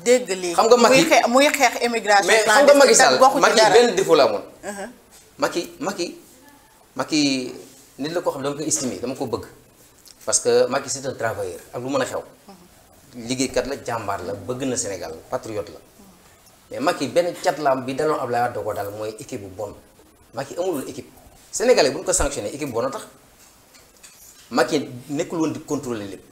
dégg lii xam nga Macky muy xeex immigration mais xam nga Macky Sall Macky benn défaut la amoon. Uh-huh. Macky Macky Macky nit la ko xam dama ko estimer dama ko bëgg parce que Macky c'est un ak lu mën a xew. Uh-huh. liggéeykat la jàmbaar la bëgg na Sénégal patriote la mais Macky benn cat catlaam bi daloon Abdoulaye Wade ko dal mooy équipe bu bon Macky amulul équipe sénégalais bu ñu ko sanctionné équipe bu bon a tax Macky nekkul di contrôler lépp.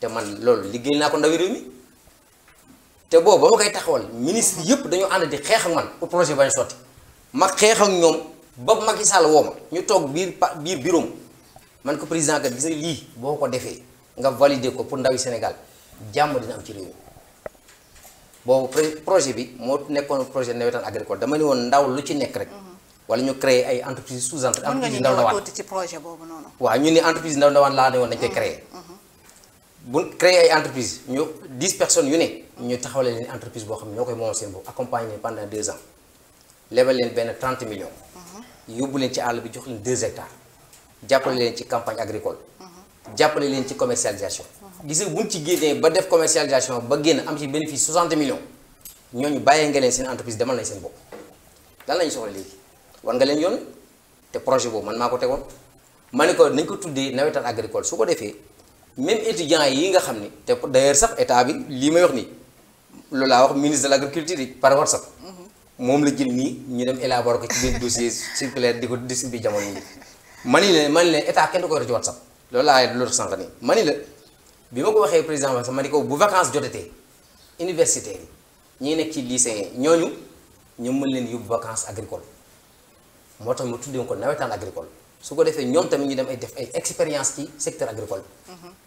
te man loolu liggéey naa ko ndawi réew mi te boobu ba ma koy taxawal ministre yëpp dañoo ànd di xeexal ak man pour projet bañ sotti ma xeex ak ñoom ba Macky Sall woo ma ñu toog biir biir bureau man ko président kat gis nga lii boo ko defee nga valider ko pour ndawi Sénégal jàmm dina ci réew mi boobu projet bi moo nekkoon projet nawetaan agricole dama ne woon ndaw lu ci nekk rek. Mm-hmm. wala ñu créer ay entreprise sous entreprise ndaw ndawaan. mën nga ci projet boobu noonu. waaw ñu ne entreprise ndaw ndawaan laa ne woon dañ koy créer mm-hmm. créer une entreprise. 10 personnes, nous avons travaillé dans une entreprise qui nous a accompagné pendant 2 ans. Nous avons fait 30 millions. Nous avons fait 2 hectares. Nous avons fait une campagne agricole. Nous avons fait une commercialisation. Nous avons fait une commercialisation vous a fait un bénéfice de 60 millions. vous avons fait une entreprise qui nous a fait. Qu'est-ce que nous avons fait? le un projet. Nous avons fait un projet. Nous avons un projet agricole. vous même étudiants yi nga xam ni te d'ailleurs sax état bi lii loolu laa wax ministre de l'agriculture yi par WhatsApp moom la jël nii ñu dem élaborer ko ci benn dossier circulaire di ko distribuer jamono yi leen ma ni leen état kenn du ko yor ci WhatsApp loolu laa loolu sànq nii ma ni la bi ma ko waxee président ma sax ma ni ko bu vacances jotatee université ñi nekk ci lycée ñooñu ñu mën leen yóbbu vacances agricole moo tax mu tuddee ko nawetaan agricol su ko defee ñoom tamit ñu dem ay def ay expérience ci secteur agricole mm-hmm.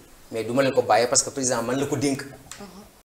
mais du ma leen ko parce que président man la ko dénk